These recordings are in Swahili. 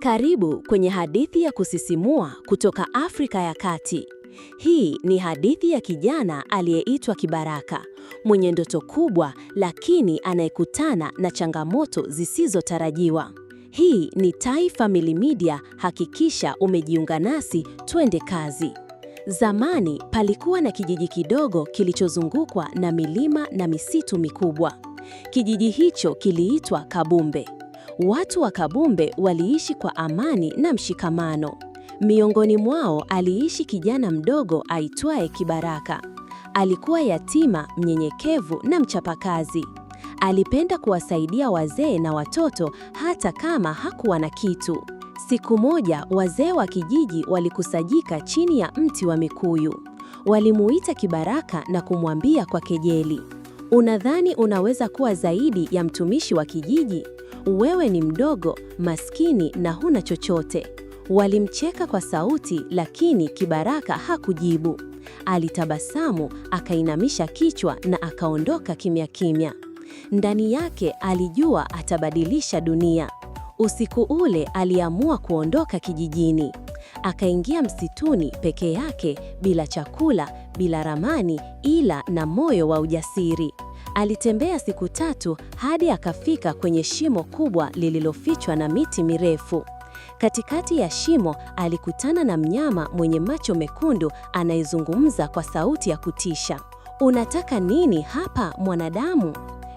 Karibu kwenye hadithi ya kusisimua kutoka Afrika ya Kati. Hii ni hadithi ya kijana aliyeitwa Kibaraka, mwenye ndoto kubwa lakini anayekutana na changamoto zisizotarajiwa. Hii ni Tai Family Media, hakikisha umejiunga nasi, twende kazi. Zamani palikuwa na kijiji kidogo kilichozungukwa na milima na misitu mikubwa. Kijiji hicho kiliitwa Kabumbe. Watu wa Kabumbe waliishi kwa amani na mshikamano. Miongoni mwao aliishi kijana mdogo aitwaye Kibaraka. Alikuwa yatima, mnyenyekevu na mchapakazi. Alipenda kuwasaidia wazee na watoto hata kama hakuwa na kitu. Siku moja wazee wa kijiji walikusajika chini ya mti wa mikuyu. Walimuita Kibaraka na kumwambia kwa kejeli, "Unadhani unaweza kuwa zaidi ya mtumishi wa kijiji? wewe ni mdogo, maskini na huna chochote. Walimcheka kwa sauti, lakini Kibaraka hakujibu. Alitabasamu, akainamisha kichwa na akaondoka kimya kimya. Ndani yake alijua atabadilisha dunia. Usiku ule aliamua kuondoka kijijini. Akaingia msituni peke yake, bila chakula, bila ramani, ila na moyo wa ujasiri. Alitembea siku tatu hadi akafika kwenye shimo kubwa lililofichwa na miti mirefu. Katikati ya shimo alikutana na mnyama mwenye macho mekundu anayezungumza kwa sauti ya kutisha. Unataka nini hapa mwanadamu?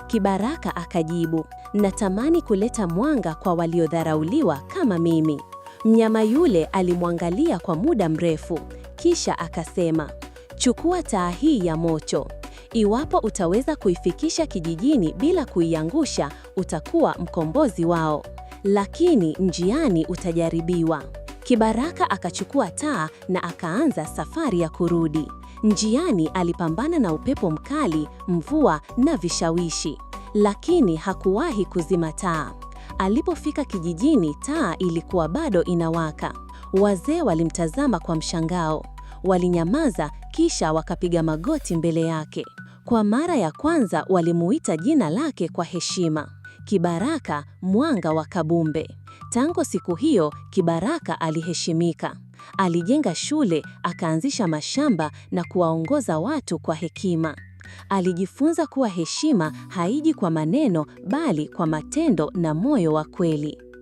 Kibaraka akajibu, natamani kuleta mwanga kwa waliodharauliwa kama mimi. Mnyama yule alimwangalia kwa muda mrefu, kisha akasema, chukua taa hii ya moto. Iwapo utaweza kuifikisha kijijini bila kuiangusha, utakuwa mkombozi wao, lakini njiani utajaribiwa. Kibaraka akachukua taa na akaanza safari ya kurudi. Njiani alipambana na upepo mkali, mvua na vishawishi, lakini hakuwahi kuzima taa. Alipofika kijijini, taa ilikuwa bado inawaka. Wazee walimtazama kwa mshangao, walinyamaza, kisha wakapiga magoti mbele yake. Kwa mara ya kwanza walimuita jina lake kwa heshima, Kibaraka Mwanga wa Kabumbe. Tangu siku hiyo, Kibaraka aliheshimika. Alijenga shule, akaanzisha mashamba na kuwaongoza watu kwa hekima. Alijifunza kuwa heshima haiji kwa maneno bali kwa matendo na moyo wa kweli.